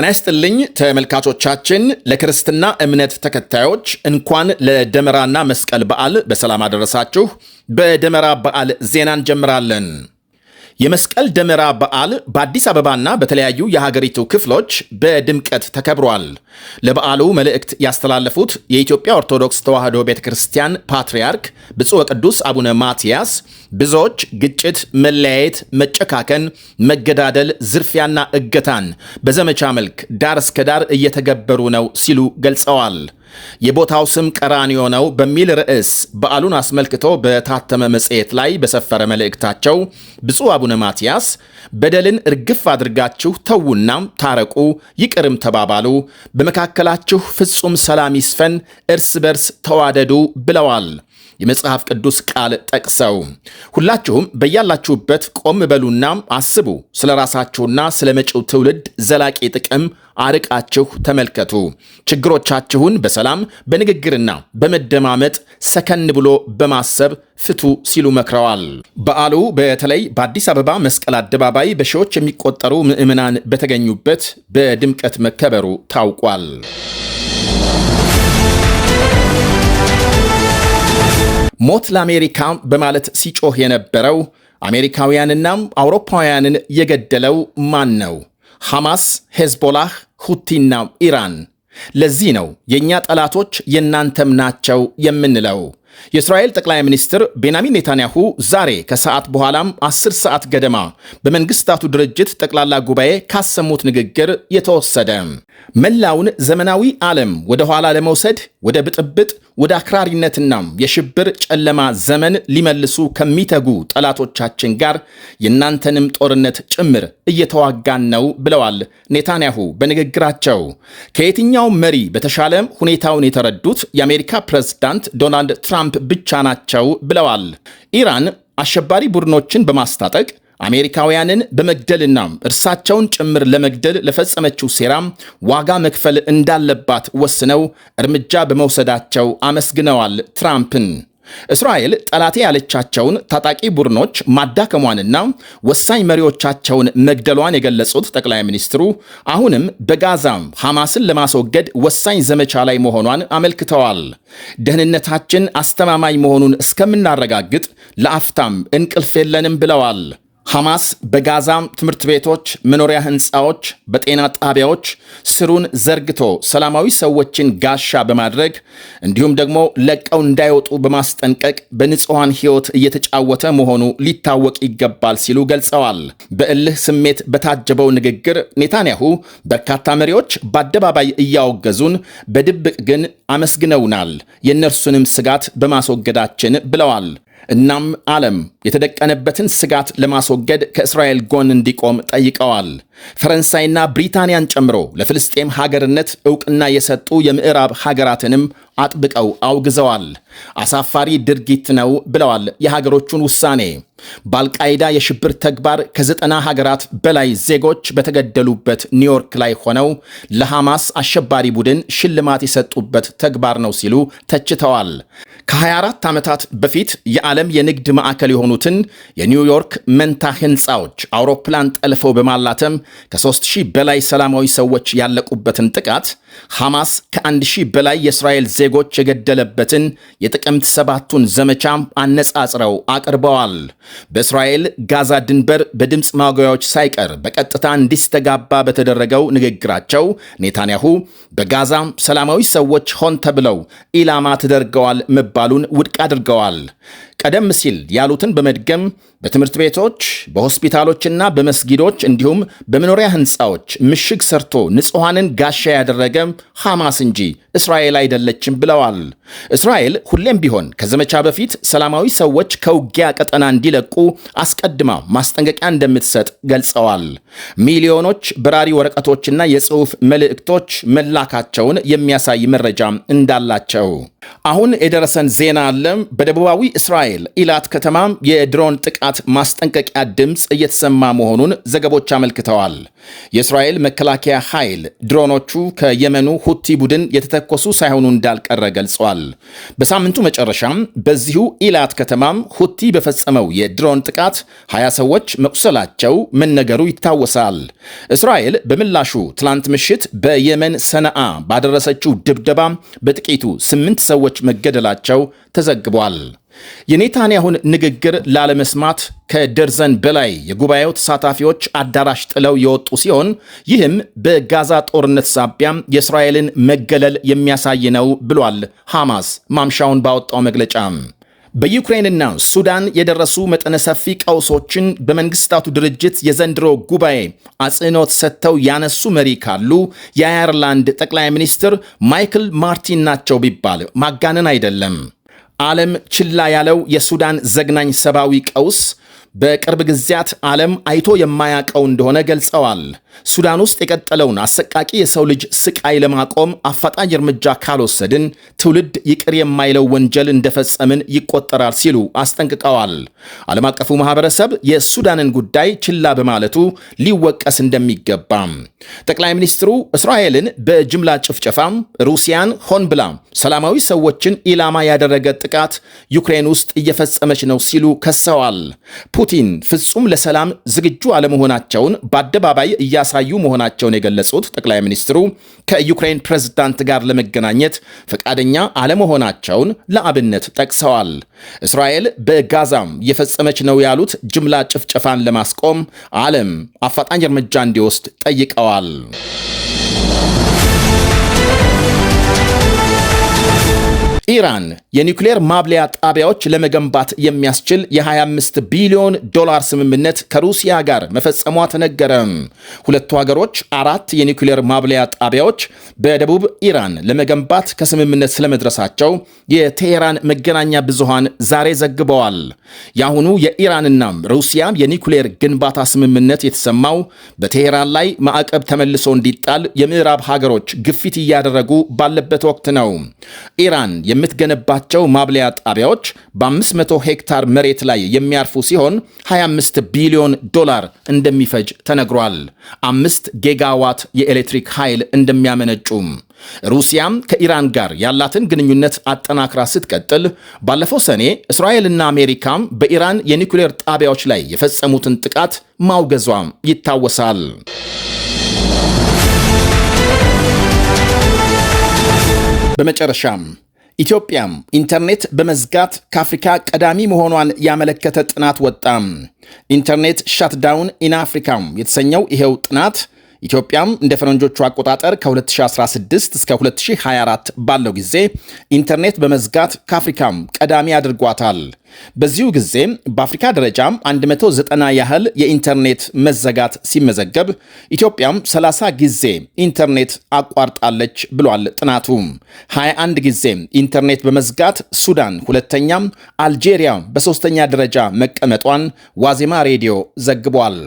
ጤና ይስጥልኝ ተመልካቾቻችን። ለክርስትና እምነት ተከታዮች እንኳን ለደመራና መስቀል በዓል በሰላም አደረሳችሁ። በደመራ በዓል ዜና እንጀምራለን። የመስቀል ደመራ በዓል በአዲስ አበባና በተለያዩ የሀገሪቱ ክፍሎች በድምቀት ተከብሯል። ለበዓሉ መልእክት ያስተላለፉት የኢትዮጵያ ኦርቶዶክስ ተዋሕዶ ቤተ ክርስቲያን ፓትርያርክ ብፁዕ ወቅዱስ አቡነ ማትያስ ብዙዎች ግጭት፣ መለያየት፣ መጨካከን፣ መገዳደል፣ ዝርፊያና እገታን በዘመቻ መልክ ዳር እስከ ዳር እየተገበሩ ነው ሲሉ ገልጸዋል። የቦታው ስም ቀራኒዮ ነው በሚል ርዕስ በዓሉን አስመልክቶ በታተመ መጽሔት ላይ በሰፈረ መልእክታቸው ብፁዕ አቡነ ማትያስ በደልን እርግፍ አድርጋችሁ ተዉና ታረቁ፣ ይቅርም ተባባሉ፣ በመካከላችሁ ፍጹም ሰላም ይስፈን፣ እርስ በርስ ተዋደዱ ብለዋል። የመጽሐፍ ቅዱስ ቃል ጠቅሰው ሁላችሁም በያላችሁበት ቆም በሉና አስቡ፣ ስለ ራሳችሁና ስለ መጪው ትውልድ ዘላቂ ጥቅም አርቃችሁ ተመልከቱ። ችግሮቻችሁን በሰላም በንግግርና በመደማመጥ ሰከን ብሎ በማሰብ ፍቱ ሲሉ መክረዋል። በዓሉ በተለይ በአዲስ አበባ መስቀል አደባባይ በሺዎች የሚቆጠሩ ምዕምናን በተገኙበት በድምቀት መከበሩ ታውቋል። ሞት ለአሜሪካ በማለት ሲጮህ የነበረው አሜሪካውያንና አውሮፓውያንን የገደለው ማን ነው? ሐማስ፣ ሄዝቦላህ፣ ሁቲና ኢራን። ለዚህ ነው የእኛ ጠላቶች የእናንተም ናቸው የምንለው። የእስራኤል ጠቅላይ ሚኒስትር ቤንያሚን ኔታንያሁ ዛሬ ከሰዓት በኋላም 10 ሰዓት ገደማ በመንግስታቱ ድርጅት ጠቅላላ ጉባኤ ካሰሙት ንግግር የተወሰደ መላውን ዘመናዊ ዓለም ወደ ኋላ ለመውሰድ ወደ ብጥብጥ፣ ወደ አክራሪነትና የሽብር ጨለማ ዘመን ሊመልሱ ከሚተጉ ጠላቶቻችን ጋር የእናንተንም ጦርነት ጭምር እየተዋጋን ነው ብለዋል ኔታንያሁ በንግግራቸው። ከየትኛው መሪ በተሻለ ሁኔታውን የተረዱት የአሜሪካ ፕሬዝዳንት ዶናልድ ትራምፕ ትራምፕ ብቻ ናቸው ብለዋል። ኢራን አሸባሪ ቡድኖችን በማስታጠቅ አሜሪካውያንን በመግደልና እርሳቸውን ጭምር ለመግደል ለፈጸመችው ሴራ ዋጋ መክፈል እንዳለባት ወስነው እርምጃ በመውሰዳቸው አመስግነዋል ትራምፕን። እስራኤል ጠላቴ ያለቻቸውን ታጣቂ ቡድኖች ማዳከሟንና ወሳኝ መሪዎቻቸውን መግደሏን የገለጹት ጠቅላይ ሚኒስትሩ አሁንም በጋዛም ሐማስን ለማስወገድ ወሳኝ ዘመቻ ላይ መሆኗን አመልክተዋል። ደህንነታችን አስተማማኝ መሆኑን እስከምናረጋግጥ ለአፍታም እንቅልፍ የለንም ብለዋል። ሐማስ በጋዛም ትምህርት ቤቶች፣ መኖሪያ ህንፃዎች፣ በጤና ጣቢያዎች ስሩን ዘርግቶ ሰላማዊ ሰዎችን ጋሻ በማድረግ እንዲሁም ደግሞ ለቀው እንዳይወጡ በማስጠንቀቅ በንጹሐን ሕይወት እየተጫወተ መሆኑ ሊታወቅ ይገባል ሲሉ ገልጸዋል። በእልህ ስሜት በታጀበው ንግግር ኔታንያሁ በርካታ መሪዎች በአደባባይ እያወገዙን፣ በድብቅ ግን አመስግነውናል፣ የእነርሱንም ስጋት በማስወገዳችን ብለዋል። እናም ዓለም የተደቀነበትን ስጋት ለማስወገድ ከእስራኤል ጎን እንዲቆም ጠይቀዋል። ፈረንሳይና ብሪታንያን ጨምሮ ለፍልስጤም ሀገርነት እውቅና የሰጡ የምዕራብ ሀገራትንም አጥብቀው አውግዘዋል። አሳፋሪ ድርጊት ነው ብለዋል የሀገሮቹን ውሳኔ። በአልቃይዳ የሽብር ተግባር ከዘጠና ሀገራት በላይ ዜጎች በተገደሉበት ኒውዮርክ ላይ ሆነው ለሐማስ አሸባሪ ቡድን ሽልማት የሰጡበት ተግባር ነው ሲሉ ተችተዋል። ከ24 ዓመታት በፊት የዓለም የንግድ ማዕከል የሆኑትን የኒውዮርክ መንታ ሕንፃዎች አውሮፕላን ጠልፈው በማላተም ከሦስት ሺህ በላይ ሰላማዊ ሰዎች ያለቁበትን ጥቃት ሐማስ ከአንድ ሺህ በላይ የእስራኤል ዜጎች የገደለበትን የጥቅምት ሰባቱን ዘመቻ አነጻጽረው አቅርበዋል። በእስራኤል ጋዛ ድንበር በድምፅ ማጉያዎች ሳይቀር በቀጥታ እንዲስተጋባ በተደረገው ንግግራቸው ኔታንያሁ በጋዛ ሰላማዊ ሰዎች ሆን ተብለው ኢላማ ተደርገዋል መባሉን ውድቅ አድርገዋል። ቀደም ሲል ያሉትን በመድገም በትምህርት ቤቶች፣ በሆስፒታሎችና በመስጊዶች እንዲሁም በ በመኖሪያ ህንፃዎች ምሽግ ሰርቶ ንጹሐንን ጋሻ ያደረገ ሐማስ እንጂ እስራኤል አይደለችም ብለዋል። እስራኤል ሁሌም ቢሆን ከዘመቻ በፊት ሰላማዊ ሰዎች ከውጊያ ቀጠና እንዲለቁ አስቀድማ ማስጠንቀቂያ እንደምትሰጥ ገልጸዋል። ሚሊዮኖች በራሪ ወረቀቶችና የጽሑፍ መልእክቶች መላካቸውን የሚያሳይ መረጃም እንዳላቸው አሁን የደረሰን ዜና አለም በደቡባዊ እስራኤል ኢላት ከተማ የድሮን ጥቃት ማስጠንቀቂያ ድምፅ እየተሰማ መሆኑን ዘገቦች አመልክተዋል። የእስራኤል መከላከያ ኃይል ድሮኖቹ ከየመኑ ሁቲ ቡድን የተተኮሱ ሳይሆኑ እንዳልቀረ ገልጿል። በሳምንቱ መጨረሻም በዚሁ ኢላት ከተማም ሁቲ በፈጸመው የድሮን ጥቃት 20 ሰዎች መቁሰላቸው መነገሩ ይታወሳል። እስራኤል በምላሹ ትላንት ምሽት በየመን ሰነአ ባደረሰችው ድብደባ በጥቂቱ 8 ሰ ሰዎች መገደላቸው ተዘግቧል። የኔታንያሁን ንግግር ላለመስማት ከደርዘን በላይ የጉባኤው ተሳታፊዎች አዳራሽ ጥለው የወጡ ሲሆን ይህም በጋዛ ጦርነት ሳቢያ የእስራኤልን መገለል የሚያሳይ ነው ብሏል ሐማስ ማምሻውን ባወጣው መግለጫ። በዩክሬንና ሱዳን የደረሱ መጠነ ሰፊ ቀውሶችን በመንግስታቱ ድርጅት የዘንድሮ ጉባኤ አጽንኦት ሰጥተው ያነሱ መሪ ካሉ የአየርላንድ ጠቅላይ ሚኒስትር ማይክል ማርቲን ናቸው ቢባል ማጋነን አይደለም። ዓለም ችላ ያለው የሱዳን ዘግናኝ ሰብአዊ ቀውስ በቅርብ ጊዜያት ዓለም አይቶ የማያውቀው እንደሆነ ገልጸዋል። ሱዳን ውስጥ የቀጠለውን አሰቃቂ የሰው ልጅ ስቃይ ለማቆም አፋጣኝ እርምጃ ካልወሰድን ትውልድ ይቅር የማይለው ወንጀል እንደፈጸምን ይቆጠራል ሲሉ አስጠንቅቀዋል። ዓለም አቀፉ ማህበረሰብ የሱዳንን ጉዳይ ችላ በማለቱ ሊወቀስ እንደሚገባም ጠቅላይ ሚኒስትሩ እስራኤልን በጅምላ ጭፍጨፋም፣ ሩሲያን ሆን ብላ ሰላማዊ ሰዎችን ኢላማ ያደረገ ጥቃት ዩክሬን ውስጥ እየፈጸመች ነው ሲሉ ከሰዋል። ፑቲን ፍጹም ለሰላም ዝግጁ አለመሆናቸውን በአደባባይ እያሳዩ መሆናቸውን የገለጹት ጠቅላይ ሚኒስትሩ ከዩክሬን ፕሬዝዳንት ጋር ለመገናኘት ፈቃደኛ አለመሆናቸውን ለአብነት ጠቅሰዋል። እስራኤል በጋዛም እየፈጸመች ነው ያሉት ጅምላ ጭፍጨፋን ለማስቆም ዓለም አፋጣኝ እርምጃ እንዲወስድ ጠይቀዋል። ኢራን የኒውክሌር ማብለያ ጣቢያዎች ለመገንባት የሚያስችል የ25 ቢሊዮን ዶላር ስምምነት ከሩሲያ ጋር መፈጸሟ ተነገረ። ሁለቱ ሀገሮች አራት የኒውክሌር ማብለያ ጣቢያዎች በደቡብ ኢራን ለመገንባት ከስምምነት ስለመድረሳቸው የቴሄራን መገናኛ ብዙሃን ዛሬ ዘግበዋል። የአሁኑ የኢራንና ሩሲያ የኒውክሌር ግንባታ ስምምነት የተሰማው በቴሄራን ላይ ማዕቀብ ተመልሶ እንዲጣል የምዕራብ ሀገሮች ግፊት እያደረጉ ባለበት ወቅት ነው። ኢራን የምትገነባቸው ማብለያ ጣቢያዎች በ500 ሄክታር መሬት ላይ የሚያርፉ ሲሆን 25 ቢሊዮን ዶላር እንደሚፈጅ ተነግሯል። አምስት ጌጋዋት የኤሌክትሪክ ኃይል እንደሚያመነጩም ሩሲያም ከኢራን ጋር ያላትን ግንኙነት አጠናክራ ስትቀጥል ባለፈው ሰኔ እስራኤልና አሜሪካም በኢራን የኒውክሌር ጣቢያዎች ላይ የፈጸሙትን ጥቃት ማውገዟም ይታወሳል። በመጨረሻም ኢትዮጵያም ኢንተርኔት በመዝጋት ከአፍሪካ ቀዳሚ መሆኗን ያመለከተ ጥናት ወጣም። ኢንተርኔት ሻትዳውን ኢን አፍሪካም የተሰኘው ይሄው ጥናት ኢትዮጵያም እንደ ፈረንጆቹ አቆጣጠር ከ2016 እስከ 2024 ባለው ጊዜ ኢንተርኔት በመዝጋት ከአፍሪካም ቀዳሚ አድርጓታል። በዚሁ ጊዜ በአፍሪካ ደረጃም 190 ያህል የኢንተርኔት መዘጋት ሲመዘገብ ኢትዮጵያም 30 ጊዜ ኢንተርኔት አቋርጣለች ብሏል ጥናቱ። 21 ጊዜ ኢንተርኔት በመዝጋት ሱዳን ሁለተኛም፣ አልጄሪያ በሦስተኛ ደረጃ መቀመጧን ዋዜማ ሬዲዮ ዘግቧል።